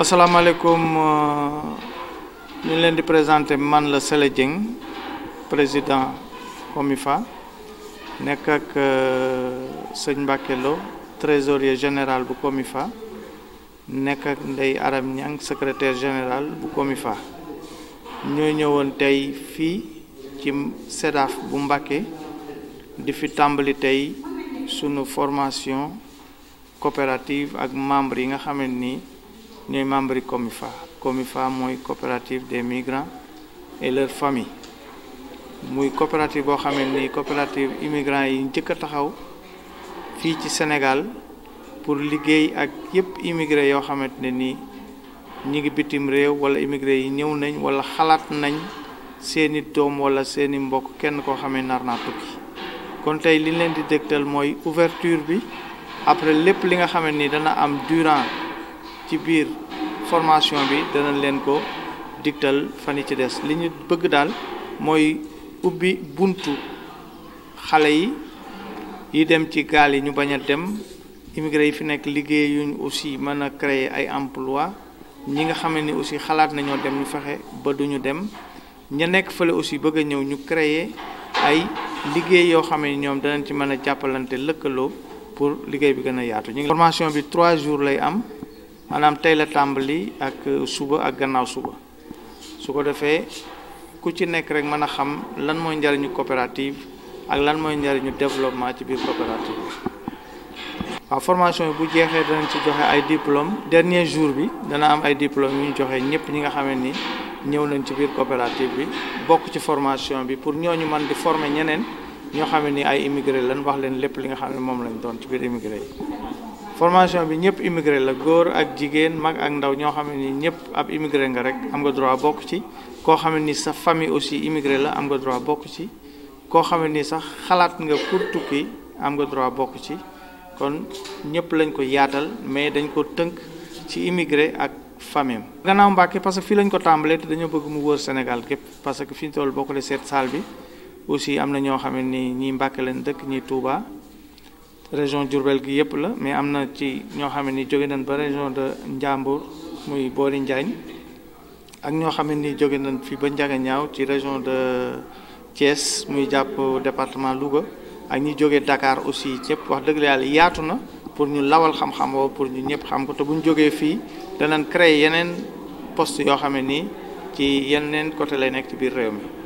asalaamaaleykum euh, ñu leen di présenté man la Sele Dieng président COMIFA nekk ak euh, sëñ Mbacke Lo trésorier général bu COMIFA nekk ak Ndeye Aram Niang secrétaire général bu COMIFA ñoo ñëwoon tey fii ci SEDAF bu Mbacke di fi tàmbali tey sunu formation coopérative ak membre yi nga xam nii. ñooy membre yi COMIFA COMIFA mooy coopérative des migrants et leurs familles muy coopérative boo xamee ni coopérative immigrants yi njëkk a taxaw fii ci Sénégal pour liggéey ak yëpp immigré yoo xamante ne nii ñi ngi bitim réew wala immigré yi ñëw nañ wala xalaat nañ seeni doom wala seeni mbokk kenn koo xamee nar naa tukki kon tey li leen di dégtal mooy ouverture bi après lépp li nga xamante ni dana am durant ci biir formation bi danañ leen ko digtal fan yi ci des li ñu bëgg daal mooy ubbi buntu xale yi yi dem ci gaal yi ñu bañ a dem immigré yi fi nekk liggéey yuñ aussi mën a créer ay emploi ñi nga xam ne aussi xalaat nañoo dem ñu fexe ba du ñu dem ña nekk fale aussi bëgg ñëw ñu créer ay liggéey yoo xam ni ñoom danañ ci mën a jàppalante lëkkaloo pour liggéey bi gën a yaatu. ñu ngi formation bi trois jours lay am. maanaam tey la tàmbali ak euh, suba ak gannaaw suba su ko defee ku ci nekk rek mën a xam lan mooy njariñu coopérative ak lan mooy njariñu développement ci biir coopérative bi waaw formation yi bu jeexee danañ ci joxe ay diplôme dernier jour bi dana am ay diplôme yu ñu joxe ñëpp ñi nga xamee ni ñëw nañ ci biir coopérative bi bokk ci formation bi pour ñoo ñu man di former ñeneen ñoo xam ne ni ay immigré lan wax leen lépp li nga xam ne moom lañ doon ci biir immigré yi formation bi ñëpp immigré la góor ak jigéen mag ak ndaw ñoo xam ne ni ñëpp ab immigré nga rek am nga droit bokk ci koo xam ni sa famille aussi immigré la am nga droit bokk ci koo xam ni sax xalaat nga pour am nga droit bokk ci kon ñëpp lañ ko yaatal mais dañ ko tënk ci immigré ak famille gannaaw Mbàkke parce que fi lañ ko tàmbalee te dañoo bëgg mu wër Sénégal képp parce que fi ñu toll boo ko seet saal bi aussi am na ñoo xam ne ni ñii Mbàkke lañ dëkk ñii Touba. région Diourbel gi yëpp la mais am na ci ñoo xam ne ni jóge nañ ba région de Njambur muy boori Njaañ ak ñoo xam ne ni jóge nañ fi ba Njaga ñaaw ci région de Thiès muy jàpp département Louga ak ñi jóge Dakar aussi ñëpp wax dëgg yàlla yaatu na pour ñu lawal xam-xam pour ñu ñëpp xam ko te bu ñu jógee fii danañ créer yeneen poste yoo xam ne nii ci yeneen côté lay nekk ci biir réew mi.